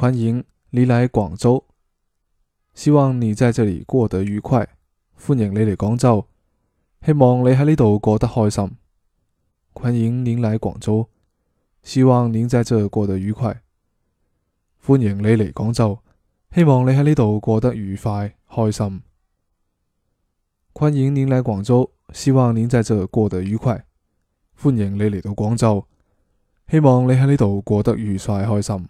歡迎你來廣州，希望你在這裏過得愉快。歡迎你嚟廣州，希望你喺呢度過得開心。歡迎您來廣州，希望您在這過得愉快。歡迎你嚟廣州，希望你喺呢度過得愉快開心。歡迎您來廣州，希望您在這過得愉快。歡迎你嚟到廣州，希望你喺呢度過得愉快開心。